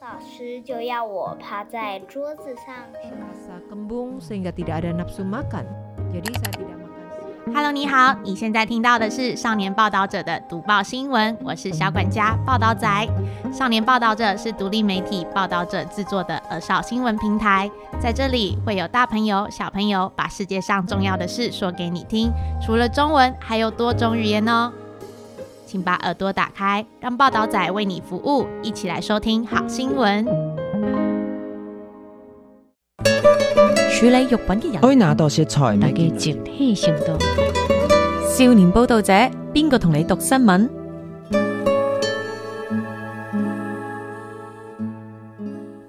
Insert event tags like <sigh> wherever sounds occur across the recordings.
老師就要我趴在桌子上。 <noise> Hello，你好，你現在聽到的是少年報道者的讀報新聞。我是小管家報道仔。少年報道者是獨立媒體報道者製作的兒少新聞平台，在這裡，會有大朋友小朋友把世界上重要的事說給你聽。除了中文，還有多種語言哦。請把耳朵打開，讓報導仔為你服務，一起來收聽好新聞。處理肉品嘅人去以拿到食材嘅階梯上到。少年報導者邊個同你讀新聞？ <music> <music>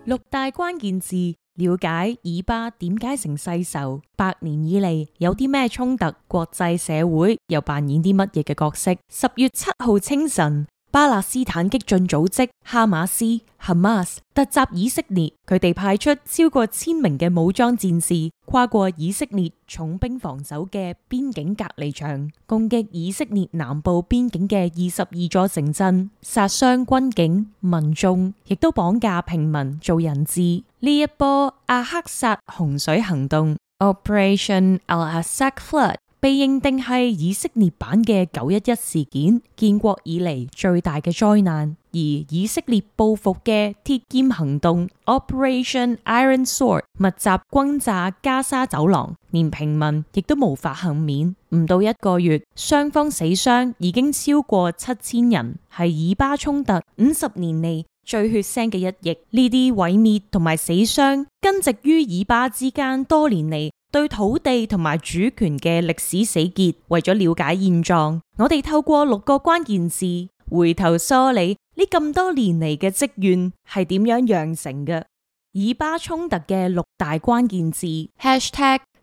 六大關鍵字。了解以巴點解成世仇？百年以嚟，有啲咩衝突？國際社會又扮演啲乜嘢嘅角色？十月七號清晨，巴勒斯坦激進組織哈馬斯 （Hamas） 突襲以色列，佢哋派出超過千名嘅武裝戰士，跨過以色列重兵防守嘅邊境隔離牆，攻擊以色列南部邊境嘅二十二座城鎮，殺傷軍警、民眾，亦都綁架平民做人質。呢一波阿克薩洪水行動 （Operation Al-Aqsa Flood）。被認定係以色列版嘅九一一事件，建國以嚟最大嘅災難。而以色列報復嘅鐵劍行動 （Operation Iron Sword） 密集轟炸加沙走廊，連平民亦都無法幸免。唔到一個月，雙方死傷已經超過七千人，係以巴衝突五十年嚟最血腥嘅一役。呢啲毀滅同埋死傷，根植於以巴之間多年嚟，對土地同埋主權嘅歷史死結，為咗了，了解現狀，我哋透過六個關鍵字回頭梳理呢咁多年嚟嘅積怨係點樣釀成嘅。以巴衝突嘅六大關鍵字：#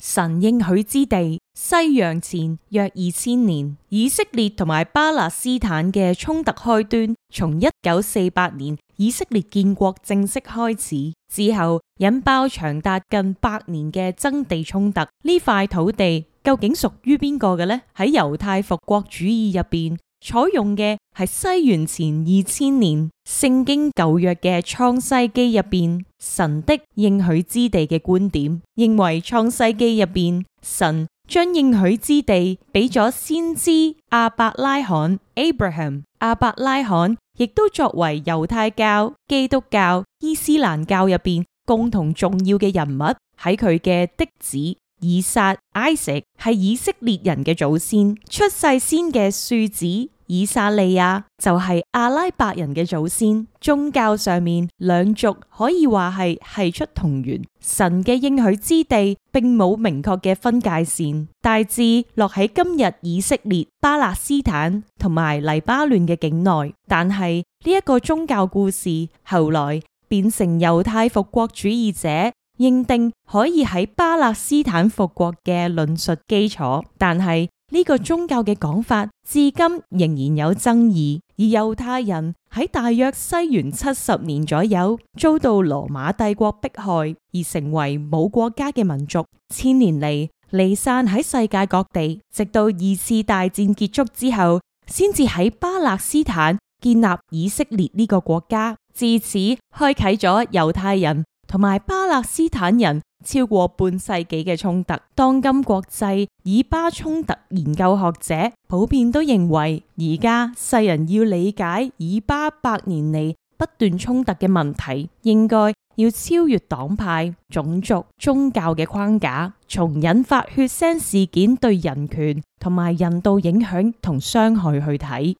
神應許之地，西元前約二千年，以色列同埋巴勒斯坦嘅衝突開端。從一九四八年以色列建國正式開始之後，引爆長達近百年的爭地衝突。呢塊土地究竟屬於邊個嘅呢？喺猶太復國主義入邊，採用嘅係西元前二千年《聖經舊約》嘅《創世紀》入邊神的應許之地嘅觀點，認為創《創世紀》入邊神。將應許之地俾咗先知亞伯拉罕 （Abraham）。亞伯拉罕亦都作為猶太教、基督教、伊斯蘭教入邊共同重要嘅人物，喺佢嘅嫡子以撒 （Isaac） 係以色列人嘅祖先，出世先嘅庶子。以撒利亞就係、是、阿拉伯人嘅祖先，宗教上面兩族可以話係係出同源。神嘅應許之地並冇明確嘅分界線，大致落喺今日以色列、巴勒斯坦同埋黎巴嫩嘅境內。但係呢一個宗教故事後來變成猶太復國主義者認定可以喺巴勒斯坦復國嘅論述基礎，但係。呢個宗教嘅講法至今仍然有爭議，而猶太人喺大約西元七十年左右遭到羅馬帝國迫害，而成為冇國家嘅民族。千年嚟離散喺世界各地，直到二次大戰結束之後，先至喺巴勒斯坦建立以色列呢個國家。自此開啟咗猶太人同埋巴勒斯坦人。超過半世紀嘅衝突。當今國際以巴衝突研究學者普遍都認為，而家世人要理解以巴百年嚟不斷衝突嘅問題，應該要超越黨派、種族、宗教嘅框架，從引發血腥事件對人權同埋人道影響同傷害去睇。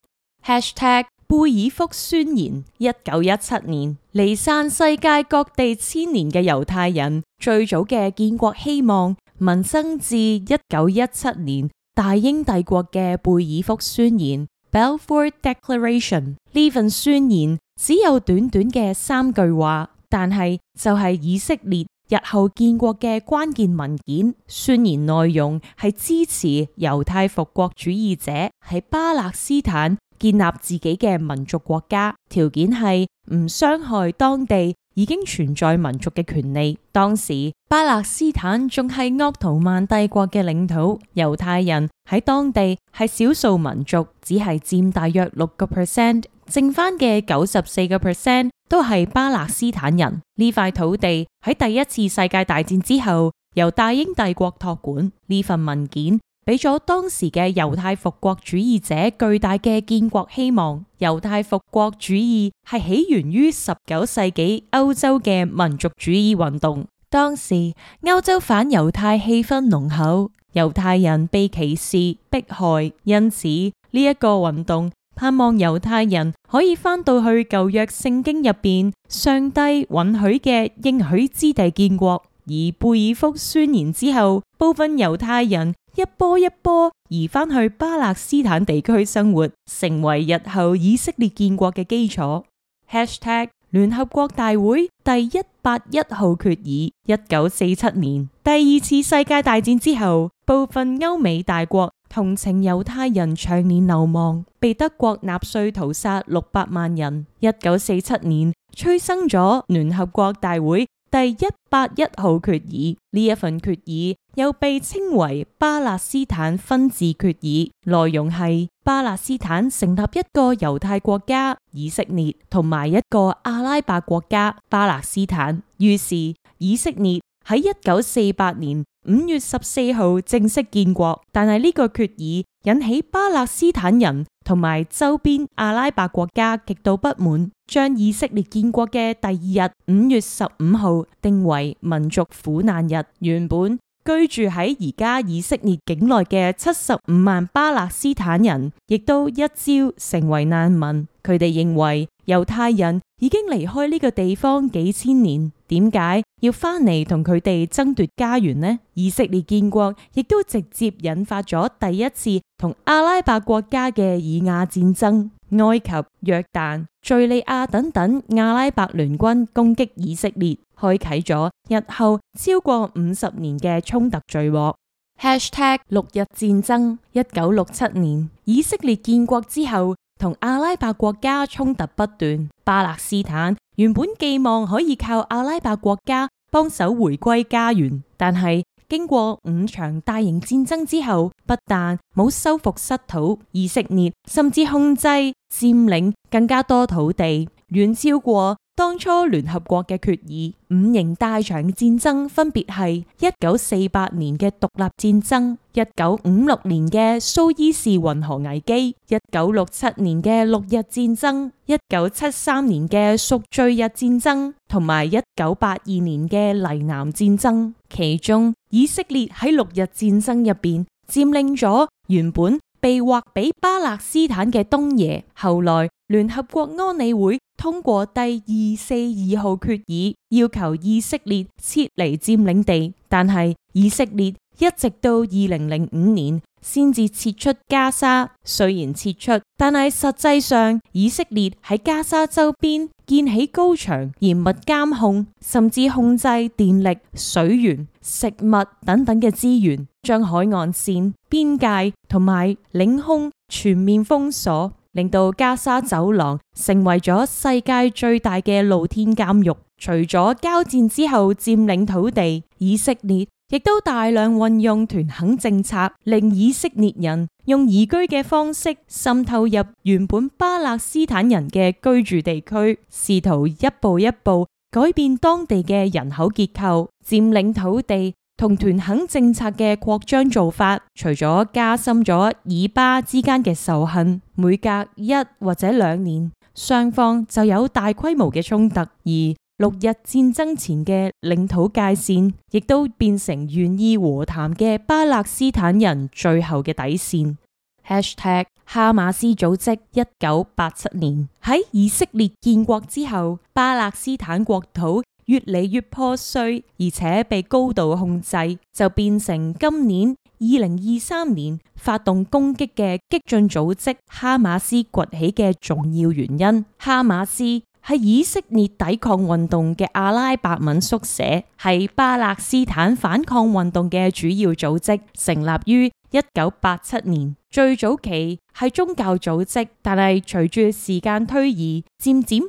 貝爾福宣言，一九一七年，離散世界各地千年嘅猶太人，最早嘅建國希望，民生至一九一七年，大英帝國嘅貝爾福宣言 b e l f ford o r Declaration） d。呢份宣言只有短短嘅三句話，但係就係以色列日後建國嘅關鍵文件。宣言內容係支持猶太復國主義者，係巴勒斯坦。建立自己嘅民族國家，條件係唔傷害當地已經存在民族嘅權利。當時巴勒斯坦仲係鄂圖曼帝國嘅領土，猶太人喺當地係少數民族，只係佔大約六個 percent，剩翻嘅九十四個 percent 都係巴勒斯坦人。呢塊土地喺第一次世界大戰之後由大英帝國託管，呢份文件。俾咗當時嘅猶太復國主義者巨大嘅建國希望。猶太復國主義係起源於十九世紀歐洲嘅民族主義運動。當時歐洲反猶太氣氛濃厚，猶太人被歧視迫害，因此呢一個運動盼望猶太人可以翻到去舊約聖經入邊上帝允許嘅應許之地建國。而貝爾福宣言之後，部分猶太人。一波一波移翻去巴勒斯坦地區生活，成為日後以色列建國嘅基礎。Hashtag, 聯合國大會第一八一號決議一九四七年第二次世界大戰之後，部分歐美大國同情猶太人長年流亡，被德國納粹屠殺六百萬人。一九四七年催生咗聯合國大會。第一百八十一號決議，呢一份決議又被稱為巴勒斯坦分治決議，內容係巴勒斯坦成立一個猶太國家以色列，同埋一個阿拉伯國家巴勒斯坦。於是以色列喺一九四八年五月十四號正式建國，但係呢個決議引起巴勒斯坦人。同埋周邊阿拉伯國家極度不滿，將以色列建國嘅第二日，五月十五號定為民族苦難日。原本居住喺而家以色列境內嘅七十五萬巴勒斯坦人，亦都一朝成為難民。佢哋認為。猶太人已經離開呢個地方幾千年，點解要返嚟同佢哋爭奪家園呢？以色列建國亦都直接引發咗第一次同阿拉伯國家嘅以亞戰爭，埃及、約旦、敘利亞等等阿拉伯聯軍攻擊以色列，開啟咗日後超過五十年嘅衝突罪禍。#Hashtag 六日戰爭，一九六七年，以色列建國之後。同阿拉伯國家衝突不斷，巴勒斯坦原本寄望可以靠阿拉伯國家幫手回歸家園，但係經過五場大型戰爭之後，不但冇收復失土，以色列，甚至控制佔領更加多土地，遠超過當初聯合國嘅決議，五型大場戰爭分別係一九四八年嘅獨立戰爭、一九五六年嘅蘇伊士運河危機、一九六七年嘅六日戰爭、一九七三年嘅贖罪日戰爭同埋一九八二年嘅黎南戰爭。其中，以色列喺六日戰爭入邊佔領咗原本被劃俾巴勒斯坦嘅東耶，後來聯合國安理會。通過第二四二號決議，要求以色列撤離佔領地，但係以色列一直到二零零五年先至撤出加沙。雖然撤出，但係實際上以色列喺加沙周邊建起高牆、嚴密監控，甚至控制電力、水源、食物等等嘅資源，將海岸線、邊界同埋領空全面封鎖。令到加沙走廊成為咗世界最大嘅露天監獄。除咗交戰之後佔領土地，以色列亦都大量運用屯墾政策，令以色列人用移居嘅方式滲透入原本巴勒斯坦人嘅居住地區，試圖一步一步改變當地嘅人口結構，佔領土地。同團墾政策嘅擴張做法，除咗加深咗以巴之間嘅仇恨，每隔一或者兩年，雙方就有大規模嘅衝突。而六日戰爭前嘅領土界線，亦都變成願意和談嘅巴勒斯坦人最後嘅底線。Hashtag, 哈馬斯組織，一九八七年喺以色列建國之後，巴勒斯坦國土越嚟越破碎，而且被高度控制，就變成今年二零二三年發動攻擊嘅激進組織哈馬斯崛起嘅重要原因。哈馬斯係以色列抵抗運動嘅阿拉伯文縮寫，係巴勒斯坦反抗運動嘅主要組織，成立於一九八七年。最早期係宗教組織，但係隨住時間推移，漸漸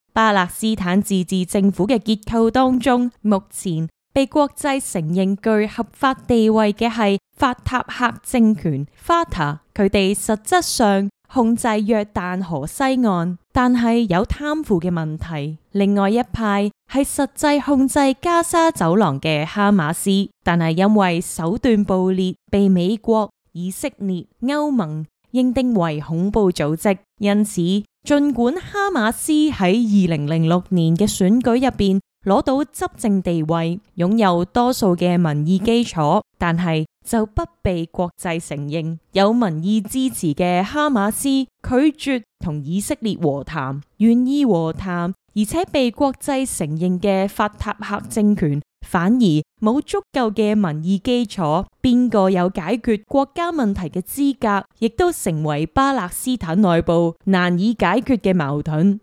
巴勒斯坦自治政府嘅結構當中，目前被國際承認具合法地位嘅係法塔赫政權 （Fatah），佢哋實質上控制約旦河西岸，但係有貪腐嘅問題。另外一派係實際控制加沙走廊嘅哈馬斯，但係因為手段暴烈，被美國、以色列、歐盟認定為恐怖組織，因此。儘管哈馬斯喺二零零六年嘅選舉入面攞到執政地位，擁有多數嘅民意基礎，但係就不被國際承認，有民意支持嘅哈馬斯拒絕同以色列和談，願意和談，而且被國際承認嘅法塔赫政權，反而冇足夠嘅民意基礎，邊個有解決國家問題嘅資格，亦都成為巴勒斯坦內部難以解決嘅矛盾。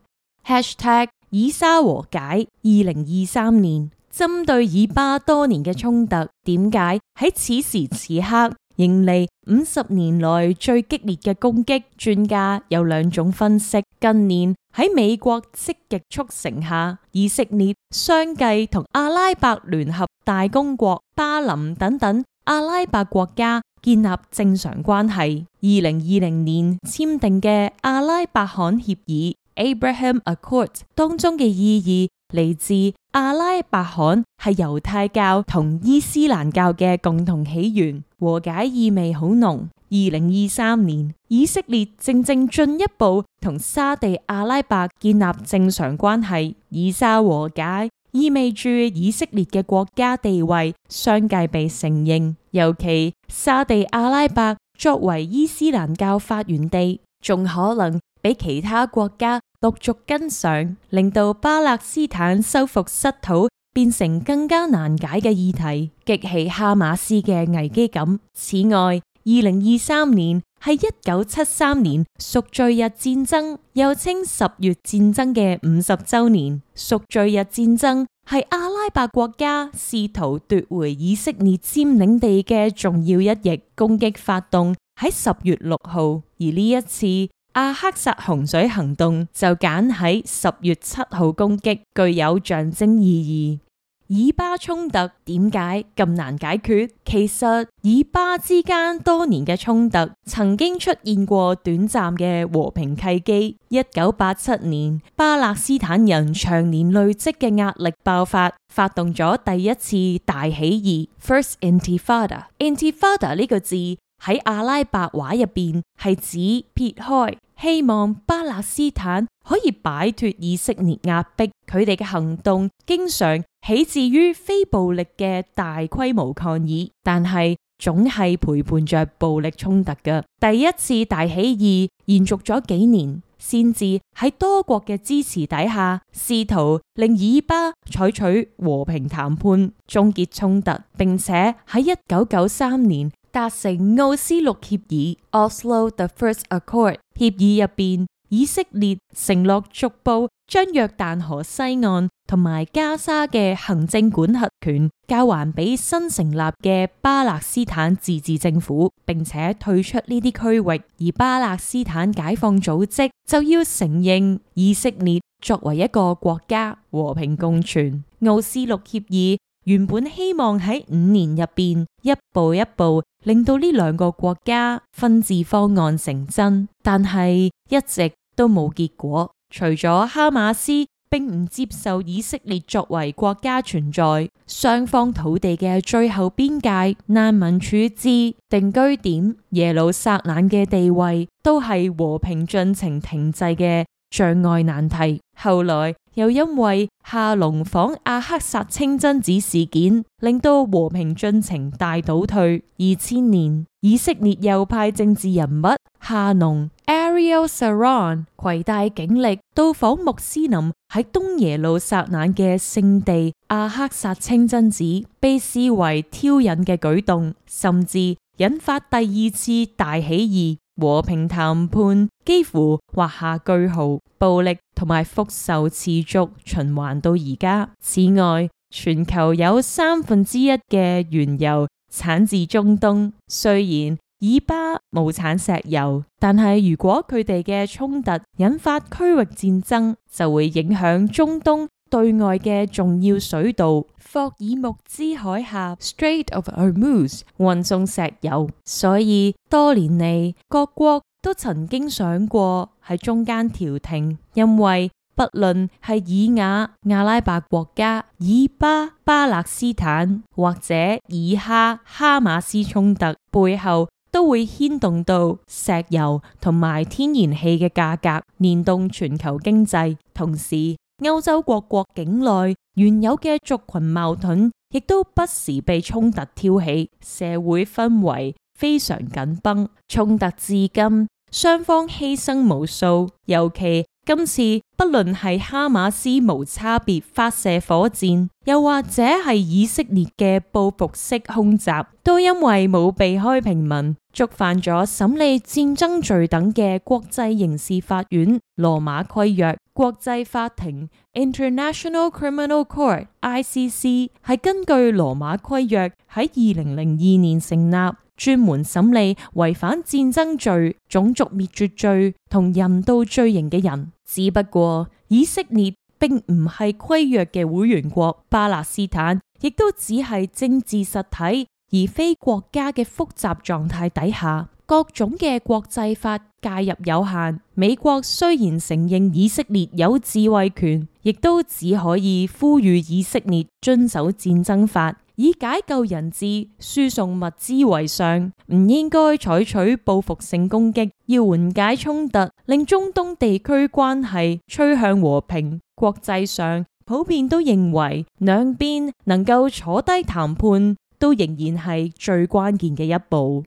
Hashtag，以沙和解，二零二三年針對以巴多年嘅衝突，點解喺此時此刻？迎嚟五十年來最激烈嘅攻擊，專家有兩種分析。近年喺美國積極促成下，以色列相繼同阿拉伯聯合大公國、巴林等等阿拉伯國家建立正常關係。二零二零年簽訂嘅阿拉伯罕協議 （Abraham Accord） 當中嘅意義。嚟自阿拉伯罕係猶太教同伊斯蘭教嘅共同起源，和解意味好濃。二零二三年，以色列正正進一步同沙地阿拉伯建立正常關係，以沙和解意味住以色列嘅國家地位相繼被承認，尤其沙地阿拉伯作為伊斯蘭教發源地，仲可能。被其他國家陸續跟上，令到巴勒斯坦收復失土變成更加難解嘅議題，激起哈馬斯嘅危機感。此外，二零二三年係一九七三年贖罪日戰爭，又稱十月戰爭嘅五十周年。贖罪日戰爭係阿拉伯國家試圖奪回以色列佔領地嘅重要一役，攻擊發動喺十月六號，而呢一次。阿克薩洪水行動就揀喺十月七號攻擊，具有象徵意義。以巴衝突點解咁難解決？其實以巴之間多年嘅衝突，曾經出現過短暫嘅和平契機。一九八七年，巴勒斯坦人長年累積嘅壓力爆發，發動咗第一次大起義 （First Intifada）。Intifada 呢個字。喺阿拉伯話入面係指撇開，希望巴勒斯坦可以擺脫以色列壓迫，佢哋嘅行動經常起自於非暴力嘅大規模抗議，但係總係陪伴着暴力衝突嘅。第一次大起義延續咗幾年，甚至喺多國嘅支持底下，試圖令以巴採取和平談判，終結衝突，並且喺一九九三年。達成奧斯陸協議 （Oslo the First Accord） 協議入面，以色列承諾逐步將約旦河西岸同埋加沙嘅行政管轄權交還俾新成立嘅巴勒斯坦自治政府，並且退出呢啲區域；而巴勒斯坦解放組織就要承認以色列作為一個國家和平共存。奧斯陸協議。原本希望喺五年入邊一步一步令到呢兩個國家分治方案成真，但係一直都冇結果。除咗哈馬斯並唔接受以色列作為國家存在，雙方土地嘅最後邊界、難民處置、定居點、耶路撒冷嘅地位，都係和平進程停滯嘅。障礙難題，後來又因為夏隆訪阿克薩清真寺事件，令到和平進程大倒退。二千年，以色列右派政治人物夏隆 Ariel Sharon 攜帶警力到訪穆斯林喺東耶路撒冷嘅聖地阿克薩清真寺，被視為挑釁嘅舉動，甚至引發第二次大起義。和平談判幾乎畫下句號，暴力同埋復仇持續循環到而家。此外，全球有三分之一嘅原油產自中東。雖然以巴冇產石油，但係如果佢哋嘅衝突引發區域戰爭，就會影響中東。對外嘅重要水道霍爾木茲海峽 （Strait of Hormuz） 運送石油，所以多年嚟各國都曾經想過喺中間調停，因為不論係以亞阿拉伯國家、以巴巴勒斯坦或者以哈哈馬斯衝突背後，都會牽動到石油同埋天然氣嘅價格，連動全球經濟，同時。歐洲各國境內原有嘅族群矛盾，亦都不時被衝突挑起，社會氛圍非常緊繃。衝突至今，雙方犧牲無數。尤其今次，不論係哈馬斯無差別發射火箭，又或者係以色列嘅報復式空襲，都因為冇避開平民。觸犯咗審理戰爭罪等嘅國際刑事法院羅馬規約國際法庭 （International Criminal Court，ICC） 係根據羅馬規約喺二零零二年成立，專門審理違反戰爭罪、種族滅絕罪同人道罪行嘅人。只不過以色列並唔係規約嘅會員國，巴勒斯坦亦都只係政治實體。而非國家嘅複雜狀態底下，各種嘅國際法介入有限。美國雖然承認以色列有自衛權，亦都只可以呼籲以色列遵守戰爭法，以解救人質、輸送物資為上，唔應該採取報復性攻擊，要緩解衝突，令中東地區關係趨向和平。國際上普遍都認為，兩邊能夠坐低談判。都仍然係最關鍵嘅一步。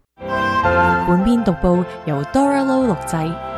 本篇讀報由 Dora Low 錄製。